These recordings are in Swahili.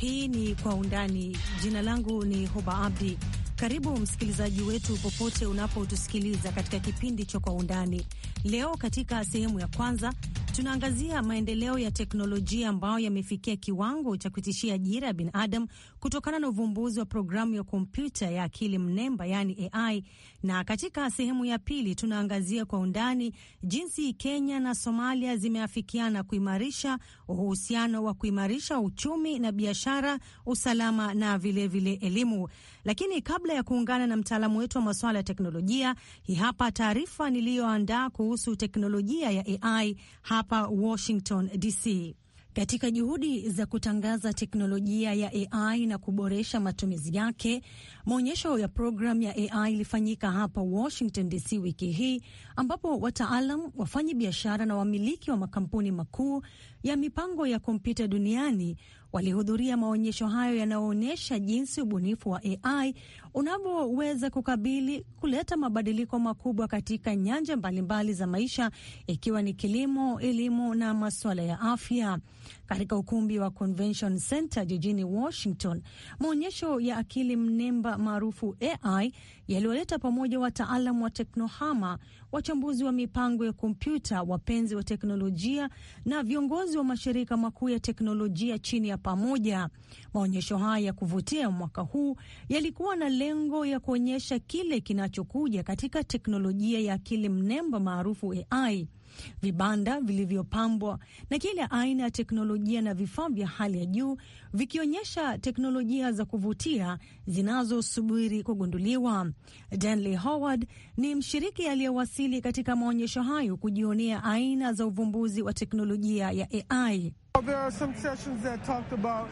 Hii ni Kwa Undani. Jina langu ni Hoba Abdi. Karibu msikilizaji wetu popote unapotusikiliza katika kipindi cha Kwa Undani. Leo katika sehemu ya kwanza Tunaangazia maendeleo ya teknolojia ambayo yamefikia kiwango cha kutishia ajira ya binadamu kutokana na uvumbuzi wa programu ya kompyuta ya akili mnemba, yaani AI. Na katika sehemu ya pili tunaangazia kwa undani jinsi Kenya na Somalia zimeafikiana kuimarisha uhusiano wa kuimarisha uchumi na biashara, usalama na vilevile vile elimu. Lakini kabla ya kuungana na mtaalamu wetu wa masuala ya teknolojia, hii hapa taarifa niliyoandaa kuhusu teknolojia ya AI hapa Washington DC. Katika juhudi za kutangaza teknolojia ya AI na kuboresha matumizi yake, maonyesho ya programu ya AI ilifanyika hapa Washington DC wiki hii, ambapo wataalam, wafanyi biashara na wamiliki wa makampuni makuu ya mipango ya kompyuta duniani walihudhuria maonyesho hayo yanayoonyesha jinsi ubunifu wa AI unavyoweza kukabili kuleta mabadiliko makubwa katika nyanja mbalimbali za maisha ikiwa ni kilimo, elimu na masuala ya afya katika ukumbi wa Convention Center jijini Washington, maonyesho ya akili mnemba maarufu AI yaliyoleta pamoja wataalam wa teknohama, wachambuzi wa mipango ya kompyuta, wapenzi wa teknolojia na viongozi wa mashirika makuu ya teknolojia chini ya pamoja. Maonyesho haya ya kuvutia mwaka huu yalikuwa na lengo ya kuonyesha kile kinachokuja katika teknolojia ya akili mnemba maarufu AI vibanda vilivyopambwa na kila aina ya teknolojia na vifaa vya hali ya juu vikionyesha teknolojia za kuvutia zinazosubiri kugunduliwa. Danley Howard ni mshiriki aliyewasili katika maonyesho hayo kujionea aina za uvumbuzi wa teknolojia ya AI. Well,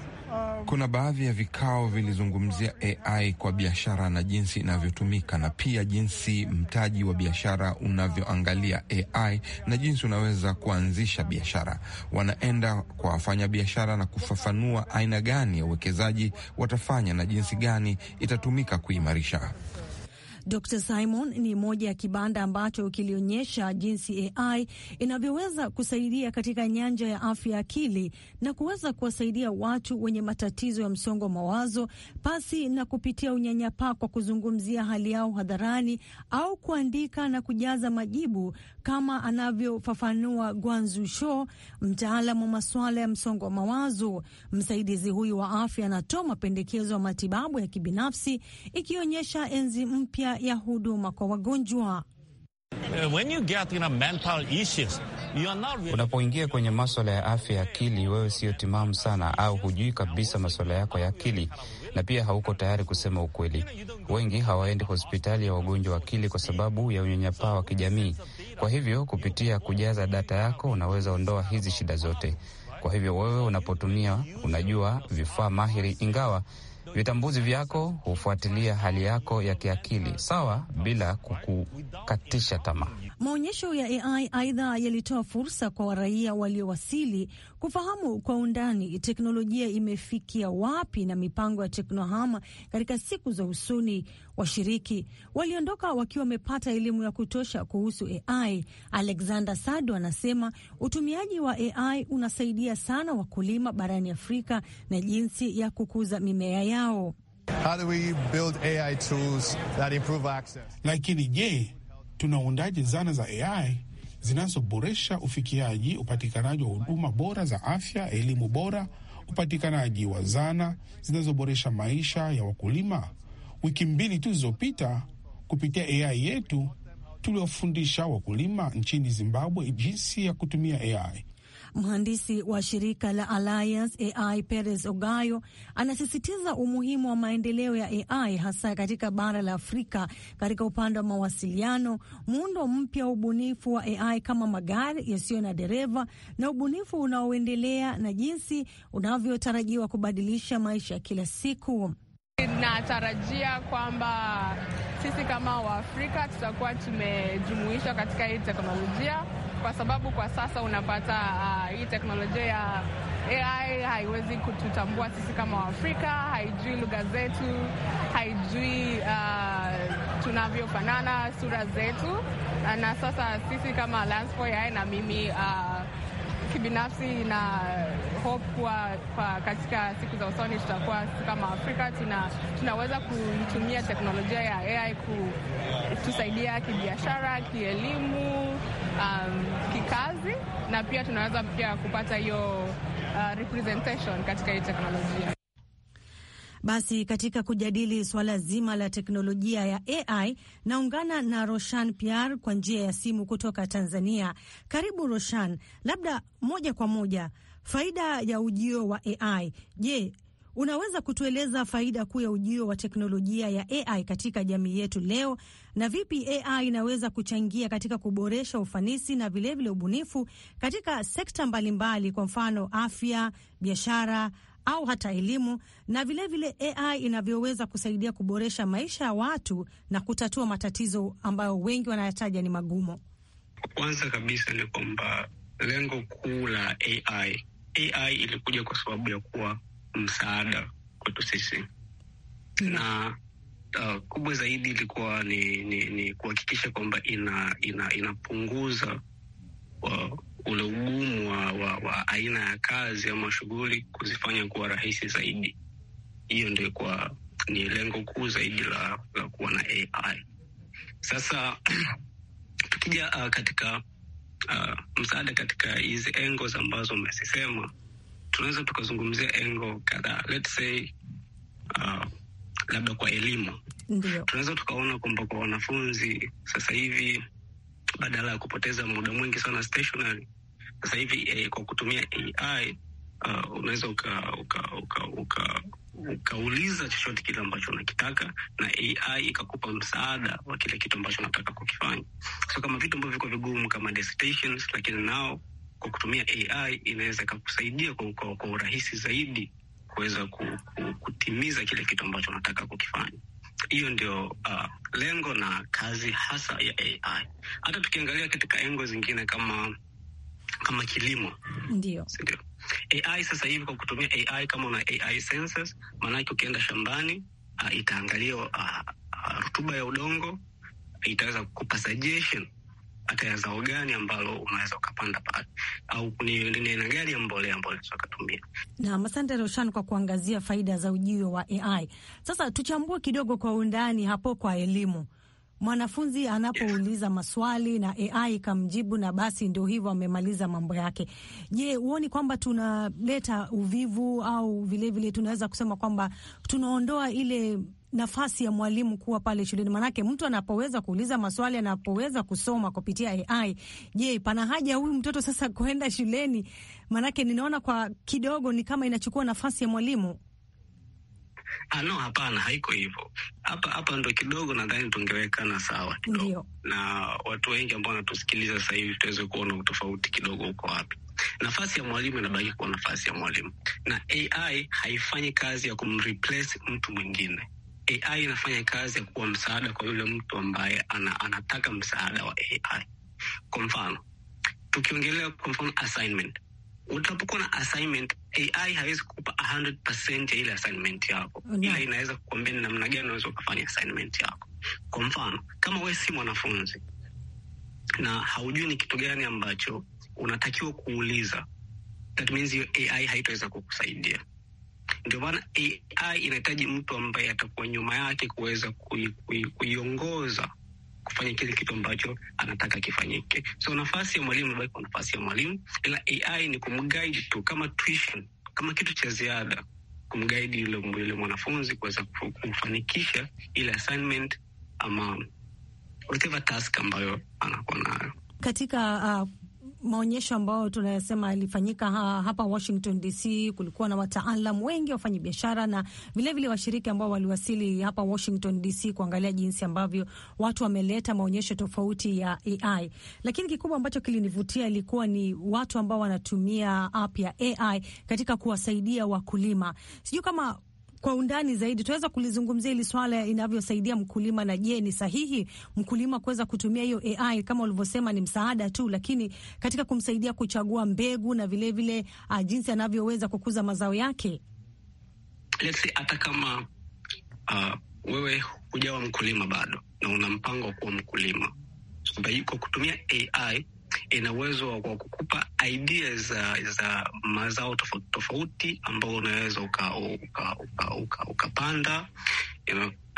kuna baadhi ya vikao vilizungumzia AI kwa biashara na jinsi inavyotumika na pia jinsi mtaji wa biashara unavyoangalia AI na jinsi unaweza kuanzisha biashara. Wanaenda kwa wafanya biashara na kufafanua aina gani ya uwekezaji watafanya na jinsi gani itatumika kuimarisha Dr Simon ni moja ya kibanda ambacho kilionyesha jinsi AI inavyoweza kusaidia katika nyanja ya afya ya akili na kuweza kuwasaidia watu wenye matatizo ya msongo wa mawazo pasi na kupitia unyanyapaa kwa kuzungumzia hali yao hadharani au kuandika na kujaza majibu kama anavyofafanua Gwanzu Sho, mtaalamu wa masuala ya msongo wa mawazo. Msaidizi huyu wa afya anatoa mapendekezo ya matibabu ya kibinafsi ikionyesha enzi mpya ya huduma kwa wagonjwa. Uh, Unapoingia kwenye maswala ya afya ya akili, wewe sio timamu sana, au hujui kabisa maswala yako ya akili, na pia hauko tayari kusema ukweli. Wengi hawaendi hospitali ya wagonjwa wa akili kwa sababu ya unyanyapaa wa kijamii. Kwa hivyo, kupitia kujaza data yako unaweza ondoa hizi shida zote. Kwa hivyo, wewe unapotumia, unajua, vifaa mahiri, ingawa Vitambuzi vyako hufuatilia hali yako ya kiakili sawa, bila kukukatisha tamaa. Maonyesho ya AI aidha yalitoa fursa kwa raia waliowasili kufahamu kwa undani teknolojia imefikia wapi na mipango ya teknohama katika siku za usoni. Washiriki waliondoka wakiwa wamepata elimu ya kutosha kuhusu AI. Alexander Sado anasema utumiaji wa AI unasaidia sana wakulima barani Afrika na jinsi ya kukuza mimea yao. How do we build AI tools that improve access? Lakini je, tunaundaje zana za AI zinazoboresha ufikiaji, upatikanaji wa huduma bora za afya, elimu bora, upatikanaji wa zana zinazoboresha maisha ya wakulima? Wiki mbili tu zilizopita, kupitia AI yetu tuliofundisha wakulima nchini Zimbabwe jinsi ya kutumia AI. Mhandisi wa shirika la Alliance AI Perez Ogayo anasisitiza umuhimu wa maendeleo ya AI hasa katika bara la Afrika katika upande wa mawasiliano, muundo mpya wa ubunifu wa AI kama magari yasiyo na dereva na ubunifu unaoendelea na jinsi unavyotarajiwa kubadilisha maisha ya kila siku. Natarajia kwamba sisi kama Waafrika tutakuwa tumejumuishwa katika hii teknolojia, kwa sababu kwa sasa unapata uh, hii teknolojia ya AI haiwezi kututambua sisi kama Waafrika, haijui lugha zetu, haijui uh, tunavyofanana sura zetu. Na sasa sisi kama Alliance AI na mimi uh, kibinafsi na hope kuwa katika siku za usoni tutakuwa kama Afrika tuna, tunaweza kuitumia teknolojia ya AI kutusaidia kibiashara, kielimu, um, kikazi na pia tunaweza pia kupata hiyo uh, representation katika hii teknolojia. Basi katika kujadili swala zima la teknolojia ya AI naungana na Roshan pr kwa njia ya simu kutoka Tanzania. Karibu Roshan, labda moja kwa moja Faida ya ujio wa AI. Je, unaweza kutueleza faida kuu ya ujio wa teknolojia ya AI katika jamii yetu leo, na vipi AI inaweza kuchangia katika kuboresha ufanisi na vilevile ubunifu katika sekta mbalimbali, kwa mfano afya, biashara au hata elimu, na vilevile vile AI inavyoweza kusaidia kuboresha maisha ya watu na kutatua matatizo ambayo wengi wanayataja ni magumu? Kwanza kabisa ni kwamba lengo kuu la AI AI ilikuja kwa sababu ya kuwa msaada kwetu sisi mm. na uh, kubwa zaidi ilikuwa ni, ni, ni kuhakikisha kwamba ina, ina, inapunguza wa, uh, ule ugumu wa, wa, wa aina ya kazi ama shughuli kuzifanya kuwa rahisi zaidi. Hiyo ndio kwa ni lengo kuu zaidi la, la kuwa na AI. Sasa tukija uh, katika uh, msaada katika hizi engo ambazo mmezisema, tunaweza tukazungumzia engo kadhaa, let's say uh, labda kwa elimu tunaweza tukaona kwamba kwa wanafunzi sasa hivi badala ya kupoteza muda mwingi sana stationary, sasa hivi eh, kwa kutumia AI uh, unaweza uka, uka, uka, uka ukauliza chochote kile ambacho unakitaka na AI ikakupa msaada wa kile kitu ambacho unataka kukifanya. So kama vitu ambavyo viko vigumu kama dissertations, lakini nao kwa kutumia AI inaweza ikakusaidia kwa, kwa urahisi zaidi kuweza ku, ku, kutimiza kile kitu ambacho unataka kukifanya. Hiyo ndio uh, lengo na kazi hasa ya AI. Hata tukiangalia katika engo zingine kama kama kilimo, ndio AI sasa hivi kwa kutumia AI, kama una AI sensors, maanake ukienda shambani uh, itaangalia uh, uh, rutuba ya udongo, itaweza kukupa suggestion hata ya zao gani ambalo unaweza ukapanda pale, au ni aina gani ya mbolea ambayo unaweza ukatumia. Naam, asante Roshan kwa kuangazia faida za ujio wa AI. Sasa tuchambue kidogo kwa undani hapo kwa elimu mwanafunzi anapouliza maswali na AI ikamjibu, na basi ndio hivyo, amemaliza mambo yake. Je, huoni kwamba tunaleta uvivu au vilevile tunaweza kusema kwamba tunaondoa ile nafasi ya mwalimu kuwa pale shuleni? Maanake mtu anapoweza kuuliza maswali, anapoweza kusoma kupitia AI, je, pana haja huyu mtoto sasa kwenda shuleni? Maanake ninaona kwa kidogo ni kama inachukua nafasi ya mwalimu. Ah, hapana, haiko hivyo. Hapa hapa ndo kidogo nadhani tungewekana sawa kidogo, na watu wengi ambao wanatusikiliza sasa hivi tuweze kuona utofauti kidogo uko wapi. Nafasi ya mwalimu inabaki kuwa nafasi ya mwalimu, na AI haifanyi kazi ya kumreplace mtu mwingine. AI inafanya kazi ya kuwa msaada kwa yule mtu ambaye ana, anataka msaada wa AI. Kwa mfano tukiongelea, kwa mfano assignment utapokuwa na assignment, AI hawezi kukupa 100% ya ile assignment yako, ila inaweza kukuambia ni namna gani unaweza ukafanya assignment yako. Kwa mfano, kama wewe si mwanafunzi na haujui ni kitu gani ambacho unatakiwa kuuliza, that means hiyo AI haitaweza kukusaidia. Ndio maana AI inahitaji mtu ambaye atakuwa nyuma yake kuweza kuiongoza kufanya kile kitu ambacho anataka kifanyike. So nafasi ya mwalimu inabaki kwa nafasi ya mwalimu, ila AI ni kumguide tu kama tuition, kama kitu cha ziada kumguide yule mwanafunzi kuweza kufanikisha ile assignment ama whatever task ambayo anakuwa nayo katika uh, maonyesho ambayo tunayasema yalifanyika hapa Washington DC. Kulikuwa na wataalam wengi, wafanya biashara na vilevile washiriki ambao waliwasili hapa Washington DC kuangalia jinsi ambavyo watu wameleta maonyesho tofauti ya AI. Lakini kikubwa ambacho kilinivutia ilikuwa ni watu ambao wanatumia app ya AI katika kuwasaidia wakulima. Sijui kama kwa undani zaidi tunaweza kulizungumzia hili swala inavyosaidia mkulima, na je, ni sahihi mkulima kuweza kutumia hiyo AI? Kama ulivyosema ni msaada tu, lakini katika kumsaidia kuchagua mbegu na vilevile vile, uh, jinsi anavyoweza kukuza mazao yake. Let's hata kama uh, wewe hujawa mkulima bado na una mpango wa kuwa mkulima, so, kwa kutumia AI ina uwezo wa kukupa idea za, za mazao tofauti tofauti ambao unaweza ukapanda uka, uka, uka uka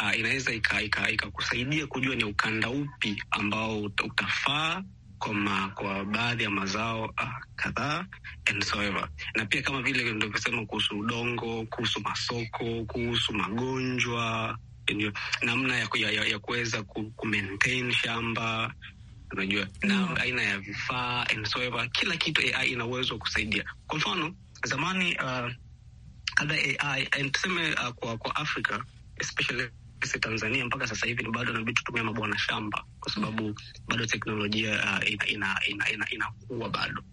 uh, inaweza ikakusaidia ika, ika kujua ni ukanda upi ambao utafaa kwa, kwa baadhi ya mazao uh, kadhaa and so ever. Na pia kama vile ndivyosema kuhusu udongo, kuhusu masoko, kuhusu magonjwa, namna ya, ya, ya kuweza ku shamba unajua na aina ya vifaa and so ever, kila kitu AI ina uwezo wa kusaidia. Kwa mfano zamani uh, AI and tuseme uh, kwa, kwa Afrika especially Tanzania mpaka sasa hivi ni bado nabidi tutumia mabwana shamba kwa sababu mm. bado teknolojia uh, ina, ina, ina, ina, ina bado,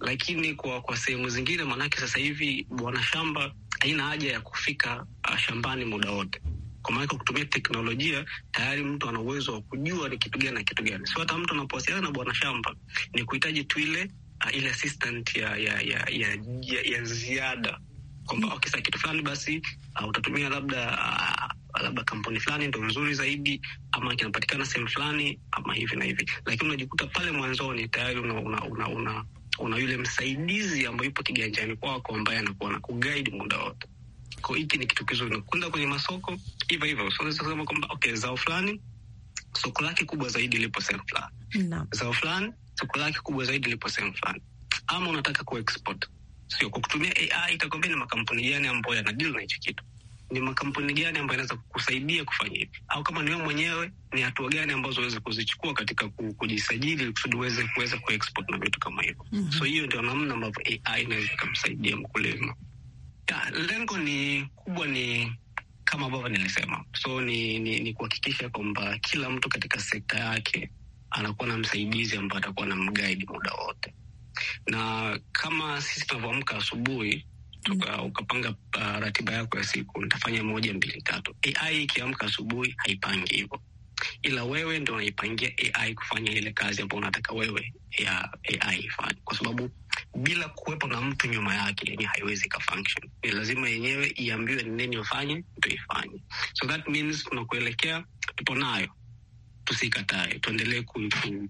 lakini kwa kwa sehemu zingine, maanake sasa hivi bwana shamba haina haja ya kufika uh, shambani muda wote kwa maana kutumia teknolojia tayari mtu ana uwezo wa kujua ni kitu gani na kitu gani. Sio hata mtu anapowasiliana na bwana shamba ni kuhitaji tu ile uh, ile assistant ya ya ya, ya, ya, ya ziada kwamba mm. okay, kitu fulani basi uh, utatumia labda uh, labda kampuni fulani ndo nzuri zaidi ama kinapatikana sehemu fulani ama hivi na hivi, lakini unajikuta pale mwanzoni tayari una, una, una, una, una yule msaidizi ambayo yupo kiganjani kwako ambaye anakuwa na kuguide muda wote. Kwa hiki ni kitu kizuri, nakwenda kwenye masoko hivyo hivyo. So unaweza kusema kwamba okay, zao fulani soko lake kubwa zaidi lipo sehemu fulani no. zao fulani soko lake kubwa zaidi lipo sehemu fulani, ama unataka kuexport, sio kwa kutumia AI. Itakwambia ni makampuni gani ambayo yanadili na hicho kitu ni makampuni gani ambayo inaweza kukusaidia kufanya hivi, au kama ni wewe mwenyewe, ni hatua gani ambazo uweze kuzichukua katika kujisajili kusudi uweze kuweza kuexport na vitu kama hivyo. mm -hmm. So hiyo ndio namna ambavyo AI inaweza ikamsaidia mkulima. Lengo ni kubwa, ni kama ambavyo nilisema, so ni, ni, ni kuhakikisha kwamba kila mtu katika sekta yake anakuwa na msaidizi ambaye atakuwa na mgaidi muda wote, na kama sisi tunavyoamka asubuhi Tuka, ukapanga uh, ratiba yako ya siku, nitafanya moja mbili tatu. AI ikiamka asubuhi haipangi hivyo ila wewe ndo unaipangia AI kufanya ile kazi ambayo unataka wewe ya AI ifanye, kwa sababu bila kuwepo na mtu nyuma yake, yani haiwezi ka Ni lazima yenyewe iambiwe ni nini ifanye, ndo ifanye. So that means tunakuelekea, tupo nayo tusikatae, tuendelee ku,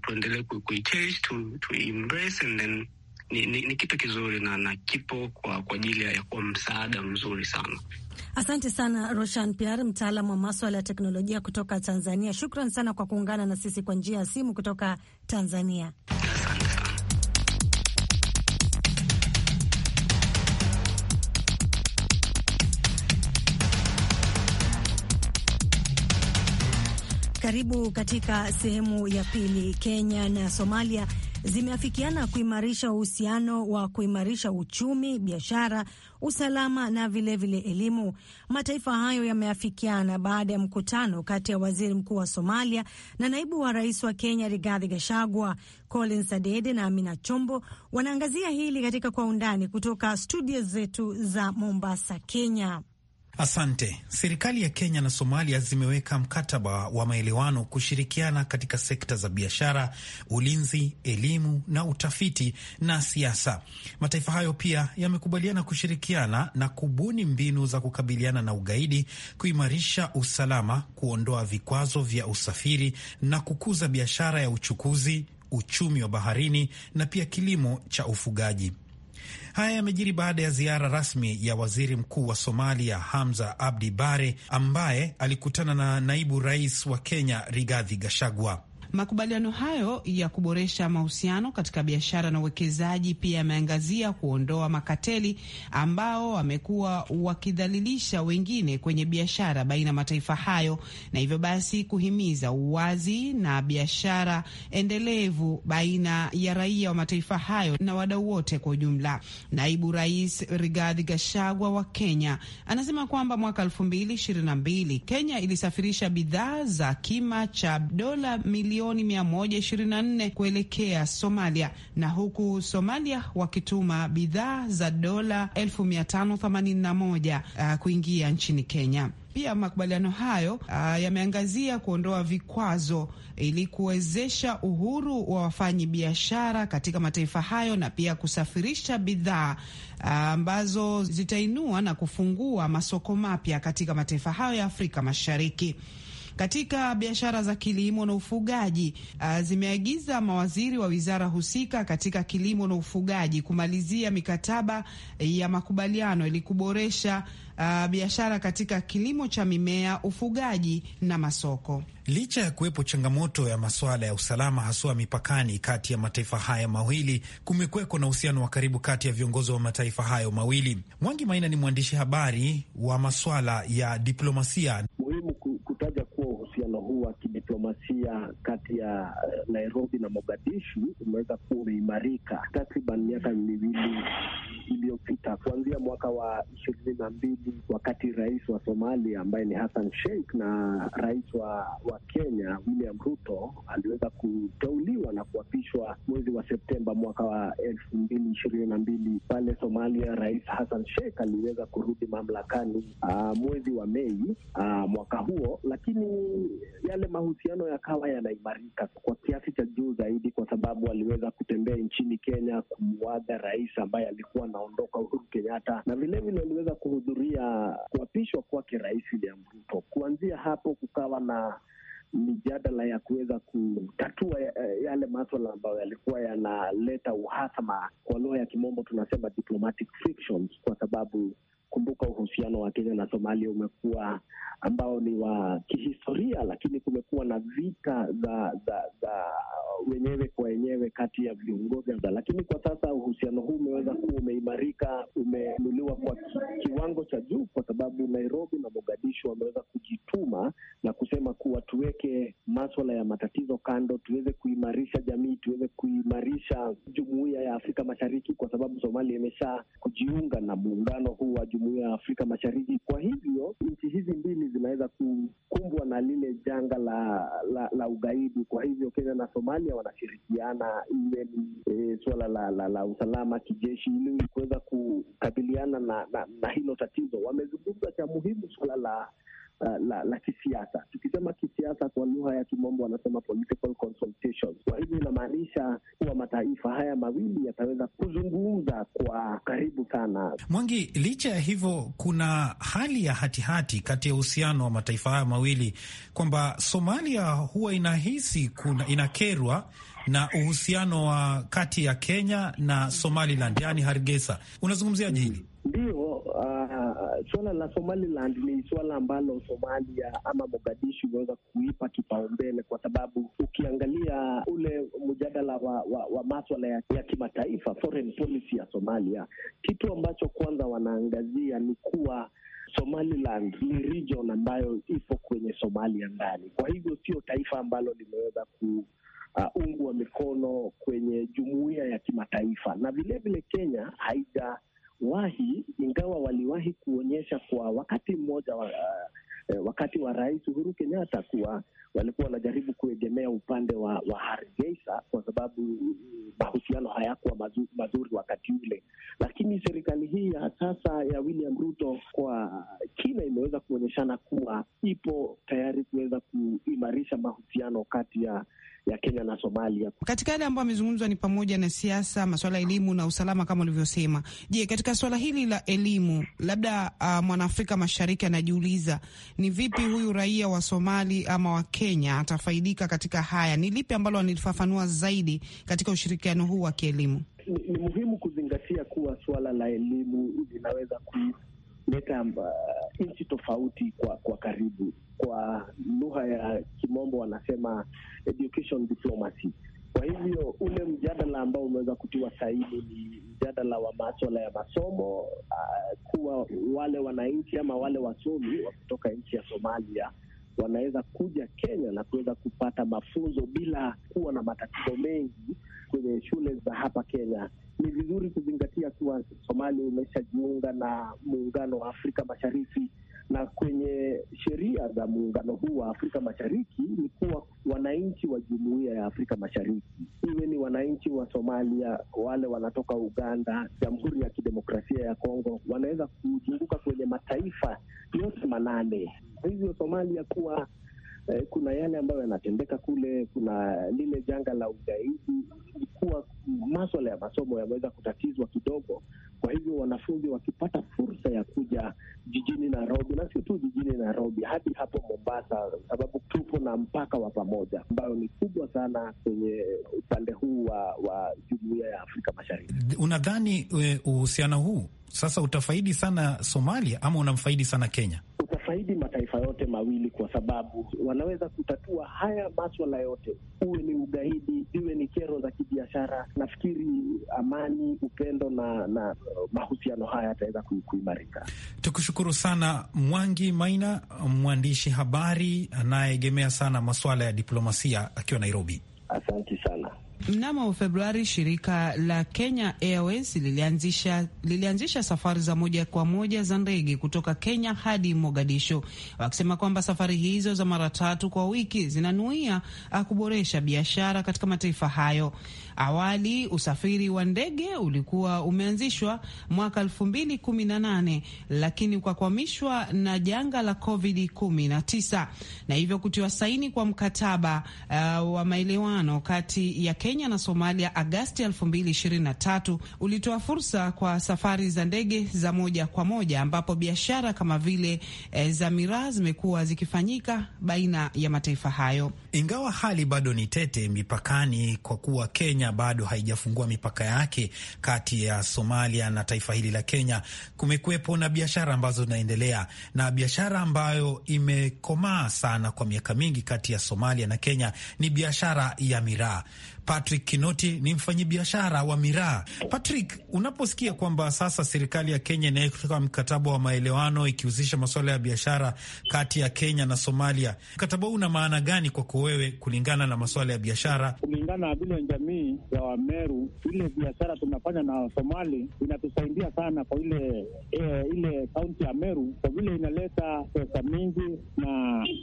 tuendelee kuichange tu, tu embrace and then ni, ni, ni kitu kizuri na, na kipo kwa ajili ya kuwa msaada mzuri sana. Asante sana Roshan pr mtaalamu wa maswala ya teknolojia kutoka Tanzania. Shukran sana kwa kuungana na sisi kwa njia ya simu kutoka Tanzania. Karibu katika sehemu ya pili. Kenya na Somalia zimeafikiana kuimarisha uhusiano wa kuimarisha uchumi, biashara, usalama na vilevile vile elimu. Mataifa hayo yameafikiana baada ya mkutano kati ya waziri mkuu wa Somalia na naibu wa rais wa Kenya Rigathi Gachagua. colin sadede na Amina Chombo wanaangazia hili katika kwa undani kutoka studio zetu za Mombasa, Kenya. Asante. Serikali ya Kenya na Somalia zimeweka mkataba wa maelewano kushirikiana katika sekta za biashara, ulinzi, elimu na utafiti na siasa. Mataifa hayo pia yamekubaliana kushirikiana na kubuni mbinu za kukabiliana na ugaidi, kuimarisha usalama, kuondoa vikwazo vya usafiri na kukuza biashara ya uchukuzi, uchumi wa baharini na pia kilimo cha ufugaji. Haya yamejiri baada ya ziara rasmi ya waziri mkuu wa Somalia Hamza Abdi Bare ambaye alikutana na naibu rais wa Kenya Rigathi gashagwa Makubaliano hayo ya kuboresha mahusiano katika biashara na uwekezaji pia yameangazia kuondoa makateli ambao wamekuwa wakidhalilisha wengine kwenye biashara baina ya mataifa hayo, na hivyo basi kuhimiza uwazi na biashara endelevu baina ya raia wa mataifa hayo na wadau wote kwa ujumla. Naibu Rais Rigathi Gachagua wa Kenya anasema kwamba mwaka 2022 Kenya ilisafirisha bidhaa za kima cha dola milioni milioni 124 kuelekea Somalia, na huku Somalia wakituma bidhaa za dola 1581 uh, kuingia nchini Kenya. Pia makubaliano hayo uh, yameangazia kuondoa vikwazo ili kuwezesha uhuru wa wafanyi biashara katika mataifa hayo na pia kusafirisha bidhaa uh, ambazo uh, zitainua na kufungua masoko mapya katika mataifa hayo ya Afrika Mashariki katika biashara za kilimo na ufugaji uh, zimeagiza mawaziri wa wizara husika katika kilimo na ufugaji kumalizia mikataba ya makubaliano ili kuboresha uh, biashara katika kilimo cha mimea, ufugaji na masoko. Licha ya kuwepo changamoto ya masuala ya usalama haswa mipakani kati ya mataifa haya mawili, kumekuweko na uhusiano wa karibu kati ya viongozi wa mataifa hayo mawili. Mwangi Maina ni mwandishi habari wa masuala ya diplomasia. Muhimu wa kidiplomasia kati ya eh, Nairobi na Mogadishu umeweza kuwa umeimarika takriban miaka miwili iliyopita kuanzia mwaka wa ishirini na mbili wakati rais wa Somalia ambaye ni Hassan Sheikh na rais wa, wa Kenya William Ruto aliweza kuteuliwa na kuapishwa mwezi wa Septemba mwaka wa elfu mbili ishirini na mbili pale Somalia. Rais Hassan Sheikh aliweza kurudi mamlakani uh, mwezi wa Mei uh, mwaka huo, lakini yale mahusiano yakawa yanaimarika kwa kiasi cha juu zaidi, kwa sababu aliweza kutembea nchini Kenya kumwaga rais ambaye alikuwa anaondoka Uhuru Kenyatta, na vilevile aliweza kuhudhuria kuapishwa kwake Rais William Ruto. Kuanzia hapo kukawa na mijadala ya kuweza kutatua eh, yale maswala ambayo yalikuwa yanaleta uhasama. Kwa lugha ya kimombo tunasema diplomatic frictions, kwa sababu kumbuka uhusiano wa Kenya na Somalia umekuwa ambao ni wa kihistoria, lakini kumekuwa na vita za za za wenyewe kwa wenyewe kati ya viongozi, lakini kwa sasa uhusiano huu umeweza kuwa umeimarika, umenuliwa kwa kiwango cha juu, kwa sababu Nairobi na Mogadishu wameweza kujituma na kusema kuwa tuweke maswala ya matatizo kando, tuweze kuimarisha jamii, tuweze kuimarisha jumuiya ya Afrika Mashariki, kwa sababu Somalia imesha kujiunga na muungano huu wa jumuia ya Afrika Mashariki. Kwa hivyo nchi hizi mbili zinaweza kukumbwa na lile janga la, la, la ugaidi. Kwa hivyo Kenya na Somalia wanashirikiana, iwe ni e, suala la, la, la usalama kijeshi, ili kuweza kukabiliana na, na, na hilo tatizo. Wamezungumza cha muhimu suala la uh, la, la kisiasa. Tukisema kisiasa kwa lugha ya kimombo wanasema political Kwa hivyo inamaanisha kuwa mataifa haya mawili yataweza kuzungumza kwa karibu sana. Mwangi, licha ya hivyo, kuna hali ya hatihati kati ya uhusiano wa mataifa haya mawili kwamba Somalia huwa inahisi kuna inakerwa na uhusiano wa kati ya Kenya na Somaliland, yani Hargeisa. unazungumzia hili? ndio uh, ah, suala la Somaliland ni suala ambalo Somalia ama Mogadishu imeweza kuipa kipaumbele, kwa sababu ukiangalia ule mjadala wa, wa, wa maswala ya, ya kimataifa, foreign policy ya Somalia, kitu ambacho kwanza wanaangazia ni kuwa Somaliland ni region ambayo ipo kwenye Somalia ndani, kwa hivyo sio taifa ambalo limeweza ku uh, ungwa mikono kwenye jumuiya ya kimataifa, na vilevile Kenya haija wahi ingawa waliwahi kuonyesha kwa wakati mmoja wa, uh, wakati wa Rais Uhuru Kenyatta kuwa walikuwa wanajaribu kuegemea upande wa, wa Hargeisa kwa sababu mahusiano hayakuwa mazuri, mazuri wakati ule, lakini serikali hii ya sasa ya William Ruto kwa kina imeweza kuonyeshana kuwa ipo tayari kuweza kuimarisha mahusiano kati ya ya Kenya na Somalia. Katika yale ambayo amezungumzwa ni pamoja na siasa, masuala ya elimu na usalama kama ulivyosema. Je, katika suala hili la elimu, labda uh, mwanaafrika mashariki anajiuliza ni vipi huyu raia wa Somali ama wa Kenya atafaidika katika haya? Ni lipi ambalo analifafanua zaidi katika ushirikiano huu wa kielimu? Ni, ni muhimu kuzingatia kuwa suala la elimu linaweza ku kuleta uh, nchi tofauti kwa kwa karibu. Kwa lugha ya kimombo wanasema education diplomacy. Kwa hivyo ule mjadala ambao umeweza kutiwa saini ni mjadala wa maswala ya masomo uh, kuwa wale wananchi ama wale wasomi wa kutoka nchi ya Somalia wanaweza kuja Kenya na kuweza kupata mafunzo bila kuwa na matatizo mengi kwenye shule za hapa Kenya ni vizuri kuzingatia kuwa Somalia imeshajiunga na muungano wa Afrika Mashariki, na kwenye sheria za muungano huu wa Afrika Mashariki ni kuwa wananchi wa jumuiya ya Afrika Mashariki, iwe ni wananchi wa Somalia, wale wanatoka Uganda, Jamhuri ya Kidemokrasia ya Kongo, wanaweza kuzunguka kwenye mataifa yote manane, hivyo Somalia kuwa eh, kuna yale ambayo yanatendeka kule, kuna lile janga la ugaidi, kuwa maswala ya masomo yameweza kutatizwa kidogo. Kwa hivyo wanafunzi wakipata fursa ya kuja jijini Nairobi, na sio tu jijini Nairobi, hadi hapo Mombasa, sababu tupo na mpaka wa pamoja ambayo ni kubwa sana kwenye upande huu wa, wa jumuiya ya Afrika Mashariki. Unadhani eh, uhusiano huu sasa utafaidi sana Somalia ama unamfaidi sana Kenya? yatafaidi mataifa yote mawili, kwa sababu wanaweza kutatua haya maswala yote, uwe ni ugaidi, iwe ni kero za kibiashara. Nafikiri amani, upendo na, na mahusiano haya yataweza kuimarika. Tukushukuru sana Mwangi Maina, mwandishi habari anayeegemea sana maswala ya diplomasia akiwa Nairobi. Asante sana. Mnamo Februari shirika la Kenya Airways lilianzisha, lilianzisha safari za moja kwa moja za ndege kutoka Kenya hadi Mogadisho, wakisema kwamba safari hizo za mara tatu kwa wiki zinanuia ah, kuboresha biashara katika mataifa hayo. Awali usafiri wa ndege ulikuwa umeanzishwa mwaka 2018 lakini ukakwamishwa na janga la COVID-19 na hivyo kutiwa saini kwa mkataba uh, wa maelewano kati ya Kenya Kenya na Somalia Agasti 2023 ulitoa fursa kwa safari za ndege za moja kwa moja, ambapo biashara kama vile e, za miraa zimekuwa zikifanyika baina ya mataifa hayo, ingawa hali bado ni tete mipakani, kwa kuwa Kenya bado haijafungua mipaka yake kati ya Somalia na taifa hili la Kenya. Kumekuwepo na biashara ambazo zinaendelea na biashara ambayo imekomaa sana kwa miaka mingi kati ya Somalia na Kenya ni biashara ya miraa. Patrick Kinoti ni mfanyabiashara wa miraa. Patrick, unaposikia kwamba sasa serikali ya Kenya inayetoka mkataba wa maelewano ikihusisha masuala ya biashara kati ya Kenya na Somalia, mkataba huu una maana gani kwako wewe kulingana na masuala ya biashara? Kulingana na vile jamii ya Wameru, ile biashara tunafanya na Somali inatusaidia sana kwa ile e, ile kaunti ya Meru kwa vile inaleta pesa mingi na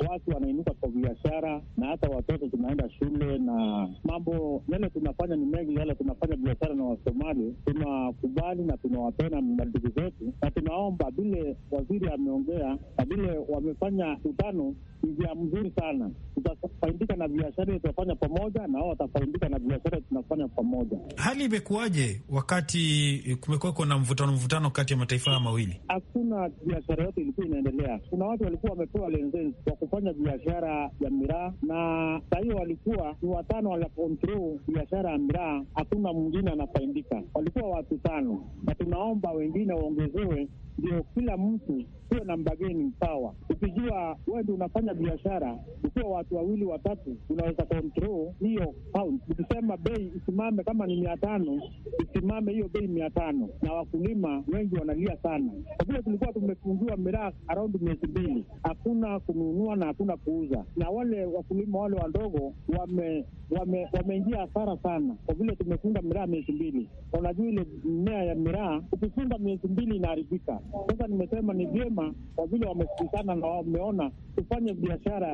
watu wanainuka kwa biashara, na hata watoto tunaenda shule na mambo neno tunafanya ni mengi yale, tunafanya biashara na Wasomali, tunakubali na tunawapenda ndugu zetu, na tunaomba vile waziri ameongea na vile wamefanya utano njia mzuri sana, tutafaindika na biashara tutafanya pamoja na wao watafaindika na biashara tunafanya pamoja. Hali imekuwaje wakati kumekuweko na mvutano mvutano kati ya mataifa haya mawili? Hakuna biashara yote ilikuwa inaendelea. Kuna watu walikuwa wamepewa leseni wa kufanya biashara ya miraa, na saa hiyo walikuwa ni watano wanakontrol sababu biashara ya miraa hakuna mwingine anafaidika. Walikuwa watu tano, na tunaomba wengine waongezewe ndio kila mtu sio na mbageni mpawa. Ukijua wewe ndio unafanya biashara, ukiwa watu wawili watatu, unaweza control hiyo pound. Ukisema bei isimame, kama ni mia tano, isimame hiyo bei mia tano. Na wakulima wengi wanalia sana kwa vile tulikuwa tumefungiwa miraa around miezi mbili, hakuna kununua na hakuna kuuza, na wale wakulima wale wadogo wameingia wame, hasara sana kwa vile tumefunga miraa miezi mbili. Unajua ile mmea ya miraa ukifunga miezi mbili inaharibika. Sasa nimesema ni vyema kwa vile wamesikizana na wameona tufanye biashara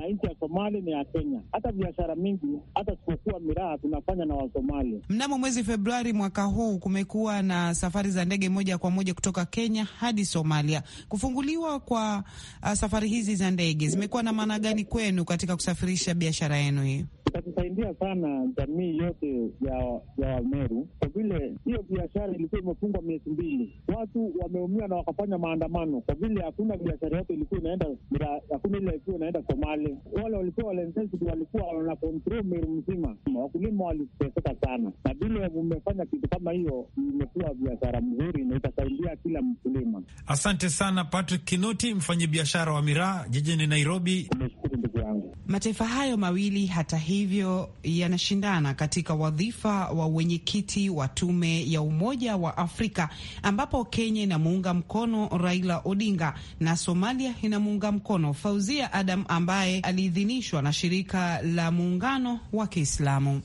ya nchi ya Somali na ya Kenya. Hata biashara mingi hata sipokuwa miraha tunafanya na Wasomali. Mnamo mwezi Februari mwaka huu kumekuwa na safari za ndege moja kwa moja kutoka Kenya hadi Somalia. Kufunguliwa kwa uh, safari hizi za ndege zimekuwa na maana gani kwenu katika kusafirisha biashara yenu hiyo? itatusaidia sana jamii yote ya ya Wameru kwa vile hiyo biashara ilikuwa imefungwa miezi mbili, watu wameumia na wakafanya maandamano kwa vile hakuna biashara yote ilikuwa inaenda, hakuna ile ilikuwa inaenda Somali. Wale walikuwa walikuwa wana control Meru mzima, wakulima waliteseka sana, na vile vumefanya kitu kama hiyo, imekuwa biashara mzuri na itasaidia kila mkulima. Asante sana Patrick Kinoti, biashara wa miraa jijini Nairobi. Umeshukuru yangu. Mataifa hayo mawili hata hivyo yanashindana katika wadhifa wa wenyekiti wa tume ya Umoja wa Afrika, ambapo Kenya inamuunga mkono Raila Odinga na Somalia inamuunga mkono Fauzia Adam ambaye aliidhinishwa na shirika la muungano wa Kiislamu.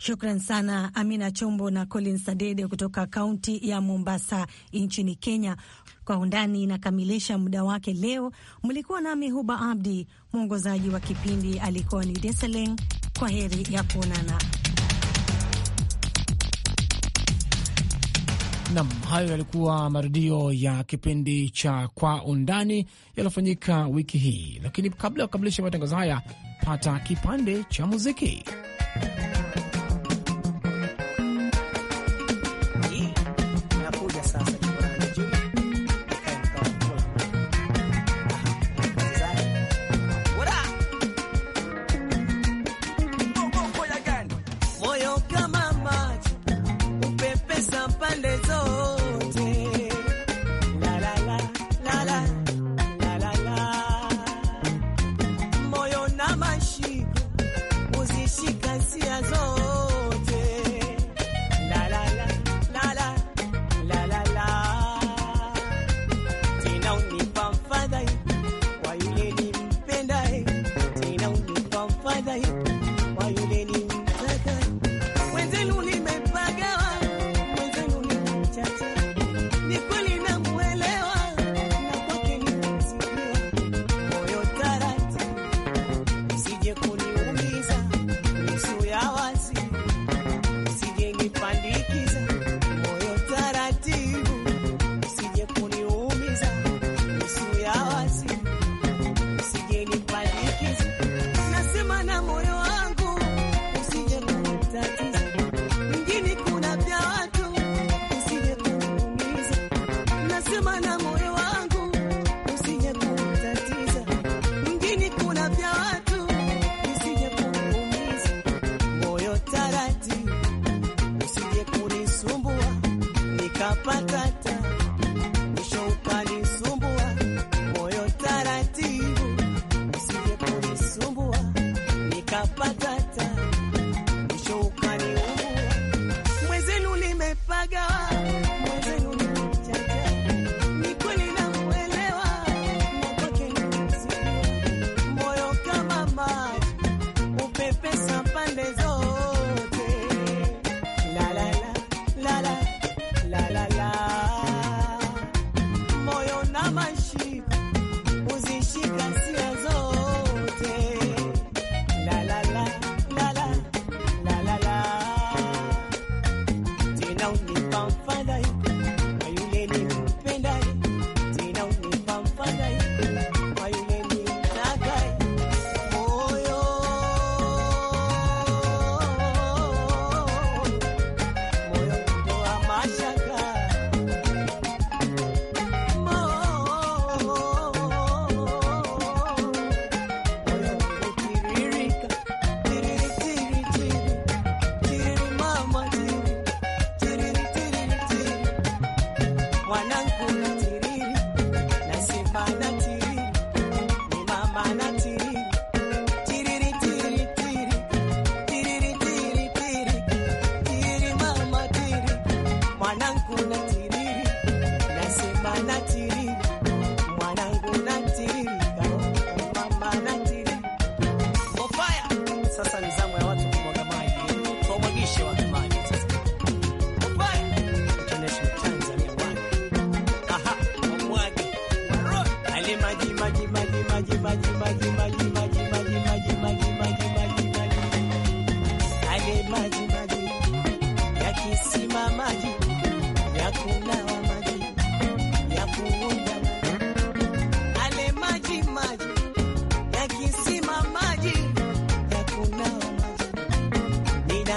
Shukran sana Amina Chombo na colin Sadede kutoka kaunti ya Mombasa nchini Kenya. Kwa Undani inakamilisha muda wake leo. Mlikuwa nami Huba Abdi, mwongozaji wa kipindi alikuwa ni Deseleng. Kwa heri ya kuonana. Nam, hayo yalikuwa marudio ya kipindi cha Kwa Undani yaliyofanyika wiki hii, lakini kabla ya kukamilisha matangazo haya, pata kipande cha muziki.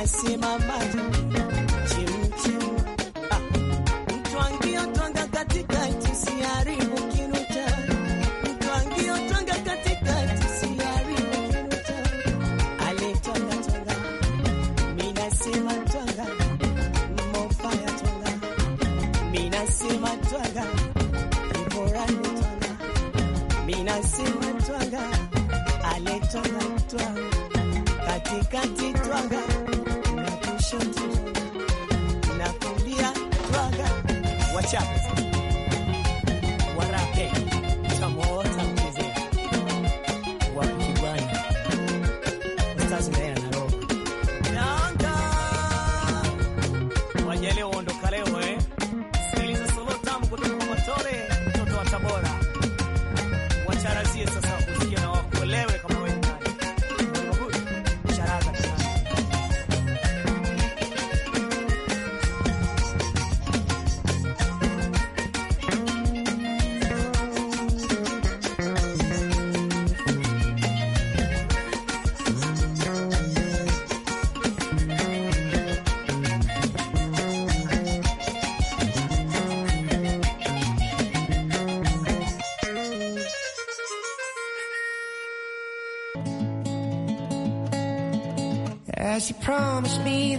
see my mind. Asimetwanga aletwanga twanga katikati twanga na kushoto na kulia twanga wachape warape promised me